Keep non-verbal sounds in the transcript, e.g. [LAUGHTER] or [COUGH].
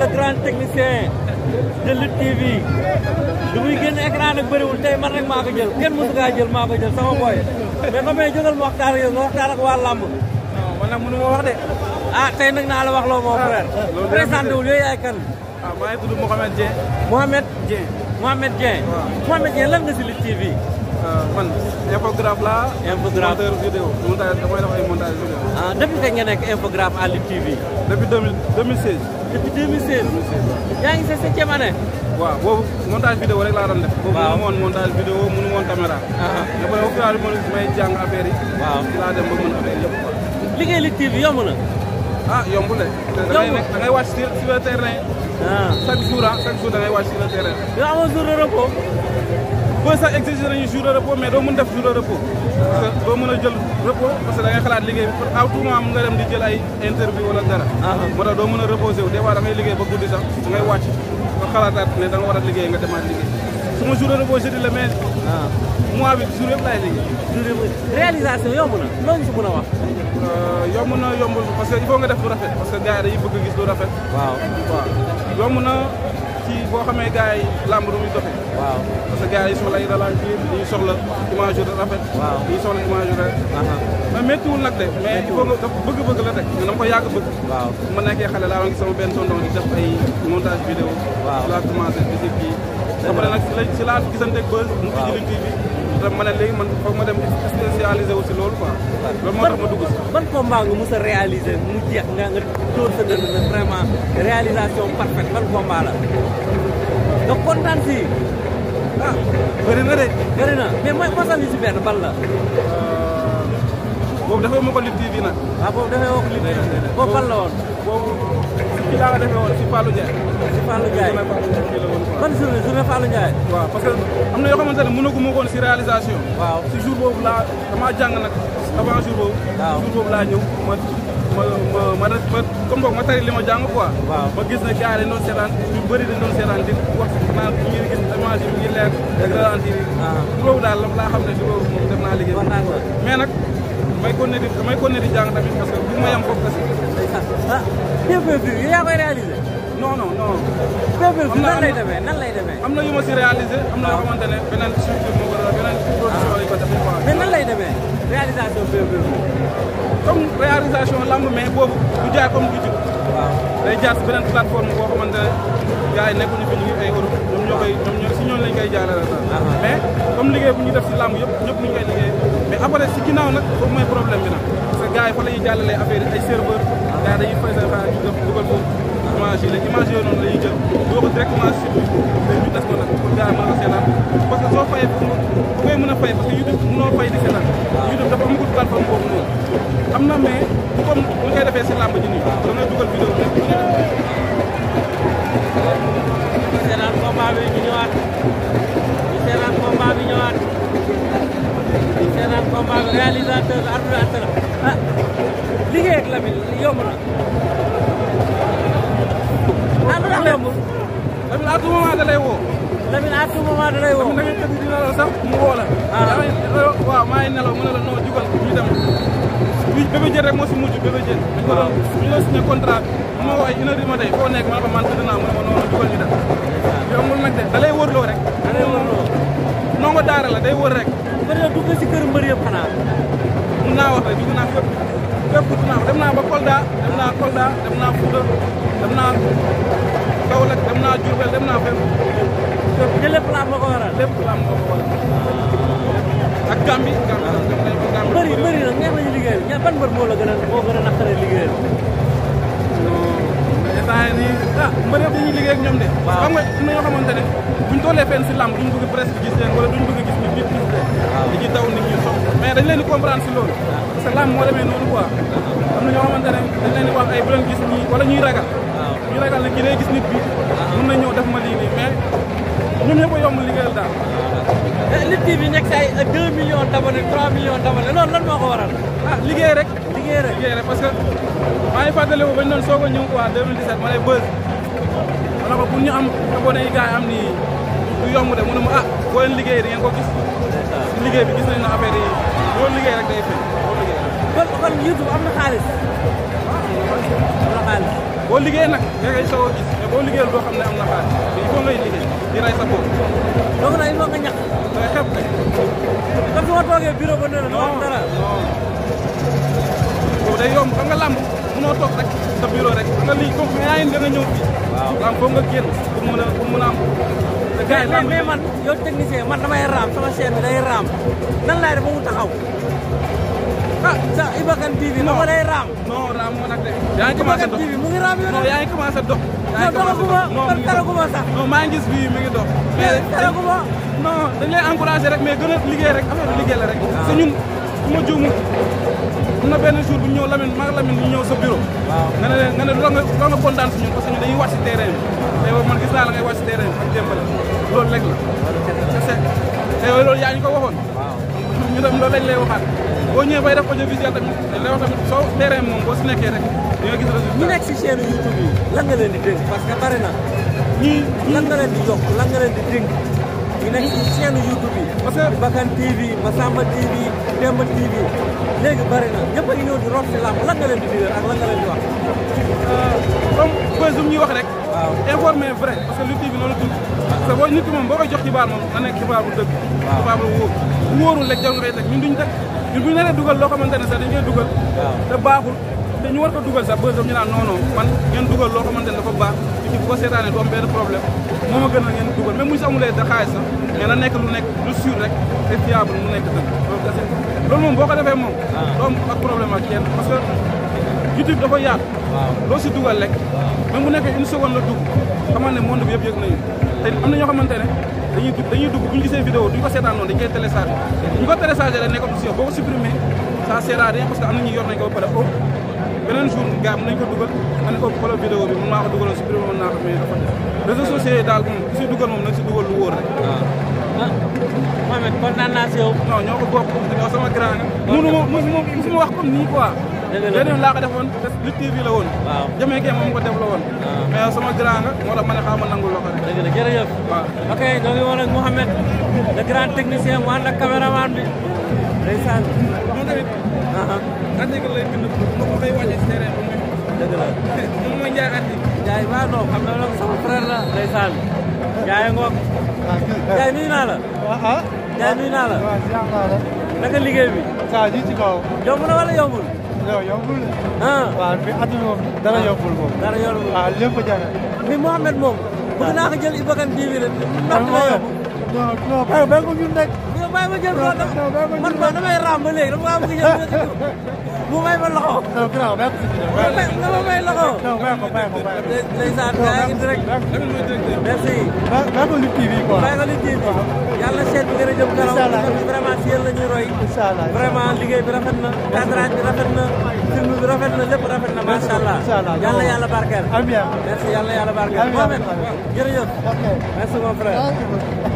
le grand technicien de Lutte TV du muy génn écran nag bëriwul tey man rek maa ko jël kenn mosu kaa jël maa ko jël sama boy mais ba may jógal ma waxtaan ak yow nga waxtaan ak waa làmb man nag mënu ma wax de ah tey nag naa la wax loo moo ah, frère présenté wul yooyu yaay kan waaw ah, maa ngi tudd Mouhamed Dieng Mouhamed Dieng Mouhamed Dieng lan nga si Lutte TV Euh, man infographe laa. infographe monteur vidéo montage damay def ay montage vidéo. ah depuis kañ nga nekk infographe à Lutte TV. depuis deux mille deux mille seize. depuis deux mille seize. yaa ngi sa septième année. waaw boobu montage vidéo rek laa doon def. waaw boobu mënu woon montage vidéo mënu woon caméra. Uh-huh. dafa ne au final ma may jàng affaire yi. waaw ci laa dem ba mën affaire yëpp quoi. liggéey Lutte TV yomb na. ah yombul de. yombul da ngay nekk da ngay wàcc sur le terrain. Ah. chaque jour ah chaque jour da ngay wàcc sur le terrain. boo sax exiger nañu jour de repos mais doo mën def jour de repos. parce que doo a jël repos parce que da xalaat liggéey bi pour à tout moment nga dem di jël ay interview wala dara. Ah. moo tax doo mën a reposé wu des fois liggéey ba guddi sax da ngay wàcc nga xalaataat ne da war a liggéey nga demaat liggéey suma jour de repos jeudi la mais. Ah. mois bi jour yëpp laay liggéey. réalisation yomb na loolu si a wax. Euh, yomb na yombul parce que il nga def lu rafet yi dañuy bëgg gis lu ci boo xamee gars yi làmb du muy doxee. waaw yi soxla ay ralentir dañuy soxla image de rafet. waaw dañuy soxla image de. mais méttiwul nag de. mais il faut nga bëgg-bëgg la rek. mais dama ko yàgg bëgg. waaw bu ma nekkee xale laa ngi sama benn tonton di def ay montage vidéo. waaw laa après nag si la si laa gisante ak mu tijji liñ bi te ma ne léegi man foog ma dem spécialisé wu si loolu quoi loolu moo tax ma dugg si ban combat nga mos a mu jeex nga nga sa dënn vraiment réalisation parfaite ban combat la nga kontaan ah bëri na de bëri na mais mooy mosal ñu si benn ban la euh, boobu defee mu ko Lutte TV nag. waaw ah, boobu defee woo ko Lutte TV boobu fan la woon. boobu ci laa nga defee woon si Fallou Ndiaye. si Fallou Ndiaye ban journée journée Fallou Ndiaye. waaw parce que am na yoo xamante ne mënagu ma woon si réalisation. waaw si jour boobu laa damaa jàng nag avant jour boobu. waaw jour boobu laa ñëw ma ma ma ma comme boog ma tari li ma jàng quoi. waaw ma gis ne gars yi dañ doon seetaan ñu bëri dañ doon seetaan di wax naan ñu ngi gis image yi ñu ngi leer. dëgg la dëgg ah. la daal laa xam ne si boobu moom def naa liggéey. mais nag. may continuer di may continuer di jàng tamit parce que bu ma yem foofu kese. ah PPV yi yaa koy réalisé. non non lay demee am na yu ma si réalisé am na yoo xamante ne beneen structure moo ko beneen production yi ko defee quoi. mais nan lay demee réalisation PPV. comme réalisation boobu du jaar comme du jub. waaw day jaar si beneen plateforme boo xamante ne gars yi nekkuñu fi ñu ngi ay ñoo koy ñoom ñoo si ñoom lañ koy jaarale daal mais comme liggéey bu ñu def si làmb yëpp ñëpp ñu koy liggéey mais après si ginnaaw nag foofu mooy problème bi nag parce que gars yi fa la ñuy jàllalee affaire yi ay serveur gars yi dañuy fay seen xaalis ñu def dugal ko image yi la image yooyu noonu la ñuy jël boo ko directement si bi ñu des ko nag pour gars yi mën a seetaan parce que soo fayee bu koy mën a fay parce que YouTube mënoo fay di réalisateur animateur ah liggéey ak Lamine a na. ah lu tax yomb. Lamine à tout moment da lay woo. Lamine à tout moment da lay woo. Lamine da ngay dina la sax mu woo la. waaw ah. waaw maa mu ne la non jugal bi Bébé rek moo si mujj Bébé Diène. waaw bu ñu la signé contrat bi. ma woo ay foo nekk man ba man tëdd naa mu ne ma non jugal ñu dem. yombul nag de da rek. da lay wërloo. nongo daara day wër rek. bëri na dugg si kër mbër yëpp xanaa mun naa wax rek dugg naa fépp fépp dugg dem naa ba Kolda dem naa Kolda dem naa Fouta dem naa Kaolack dem naa Diourbel dem naa fépp fépp te lépp laam nga ko waral lépp laam nga ko waral ah. ak Gambie Gambie bëri bëri nag gën a moo gën a naq ni ah mbër yëpp dañuy liggéey ak ñoom de xam nga na nga xamante ne buñ tollee fenn si làmb duñ bëgg presque gis leen wala duñ bëgg gis nit ñi gis leen di nit ñi sox mais dañ leen di comprendre si loolu parce que làmb moo demee noonu quoi am na ñoo xamante ne dañ leen di wax ay bu gis ñi wala ñuy ragal ñuy ragal ne kii day gis nit bi mën na ñëw def ma lii nii mais ñoom ñëpp a yomb liggéeyal daal eh, Lutte TV nekk si ay 2 millions d'abonnés 3 millions d'abonnés loolu lan liggéey rek liggéey rek parce que maa ngi fàttaliku ba ñu doon soog a ñëw quoi ma lay bës ma ne ko pour ñu am abonné yi gars am nii du yomb mu ne ma ah boo leen liggéey di ngeen gis si liggéey bi gis nañ na affaire yi boo liggéey rek day fay boo liggéey kon kon YouTube am na xaalis am na xaalis boo liggéey nag nga ngay soog a gis boo liggéeyul doo xam ne am na xaalis te liggéey di rey sa bopp donc nag il faut nga ñàkk da nga na dara day yomb xam nga lamb mënoo toog rek sa bureau rek xam nga lii comme nga nga ñëw fii waaw lamb nga am lamb mais man technicien man damay sama chaîne day raam nan laay def mu taxaw ah sa Ibakan TV non ma day raam non raam moo nag de yaa ngi commencé dox mu ngi raam yow non yaa commencé dox non doxaguma man taraguma sax non maa ngi gis bii mi non rek mais gën a liggéey rek rek sa ñun su am na benn jour bu ñëw Lamine maa Lamine ñu ñëw sa bureau nga ne nga ne loo nga loo nga si ñun parce que ñun dañuy wàcc si terrain man gis naa la ngay wàcc si terrain bi ak démbale loolu rek la c'est tey loolu yaa ñu ko waxoon da tam loolu lañ lay waxaat boo ñëwee bay def audiovisuel tamit lay wax tamit soo terrain moom boo si nekkee rek di nga gis résultat ñu nekk si chaîne YouTube yi nga leen di dénk parce que bari na ñii lan nga leen di yokk lan nga leen di dénk ñu nekk ci chaîne YouTube yi parce que Bakkan TV Massamba TV Demba TV léegi bëri na ñëpp a ngi ñëw di root si làmb lan leen di digal ak lan leen di wax. Euh, comme bés ñuy wax rek. waaw informer vrai parce que Lutte TV noonu la tudd. parce que nit moom boo koy jox xibaar moom na nekk xibaar bu dëgg. waaw xibaar bu wóor bu wóorul rek jarul ngay teg ñun duñ teg ñun bu ñu dugal loo xamante ne sax dañ koy dugal. te baaxul. te ñu war ko dugal sax bësam ñu naan non non man ngeen dugal loo xamante ne dafa baax ci bu ko seetaanee du am benn problème moo ma gënal ngeen dugal même bu ñu si amulee da xaalis sax nekk lu nekk lu sûr rek te fiable mu nekk dëgg loolu kese loolu moom boo ko defee moom ah. doo am ak problème ak kenn parce que si dugal rek même bu nekkee une seconde la dugg xamal ne monde bi yëpp yëg nañu am na ñoo xamante ne dañuy dugg dañuy bu ñu gisee vidéo duñ ko seetaan noonu dañ koy télécharger mm-hmm. ñu ko télécharger rek nekk option boo ko supprimer ça sert beneen jour gars mën nañu ko dugal man ko xoolal vidéo bi mën maa dugaloon supprimer woon naa ko mais dafa réseaux sociaux yi daal moom si dugal moom nag si dugal lu wóor rek. Ah. ah Mohamed kontaan naa si yow. non ñoo ko bokk ñoo sama grand nga. mënu ma mënu ma wax comme nii quoi. dëgg la laa ko defoon parce que Lutte TV la woon. waaw kee moom ko def la woon. Ah. mais sama grand nga moo ma ne xaaral ma nangul loxo rek. dëgg la jërëjëf. waaw ok ñoo ngi woon ak mu ànd ak caméraman bi. ndeysaan. moom tamit. article lay bind moom koy wàcce si terrain bi. dëgg la [LAUGHS] moom mooy Ndiaye article. Ndiaye waaw non xam nga loolu sama frère la. ndeysaan. Ndiaye ngoog. Ndiaye nuyu naa la. ah ah. Ndiaye nuyu naa la. waaw ziar naa la. naka liggéey bi. saa ji ci kaw. yomb na wala yombul. non yombul la. ah waaw mais atum moom dara yombul moom. dara yombul waaw ah, lépp jar na. mais Mouhamed moom. waaw bëgg ah. naa ko jël Iba Kane TV rek. Ah, ndax dina yomb. non non non. aywa benn ñun rek. non bàyyi ma jël ko man man damay raam ba léegi dama bëgg jël mu may ma loxo. non garaaw bàyyi ko si biir dama may loxo. non bàyyi ko bàyyi ko bàyyi ko. ndeysaan gaa ngi direct. merci. bàyyi ko li TV quoi. bàyyi ko li TV. yàlla seet bi gën a jëm kanam. incha allah vraiment si yéen la ñuy roy. incha allah vraiment liggéey bi rafet na. cadrage bi rafet na. film bi rafet na lépp rafet na macha allah. incha allah yàlla yàlla barkeel. amiin merci yàlla yàlla barkeel. amiin jërëjëf. ok merci mon frère.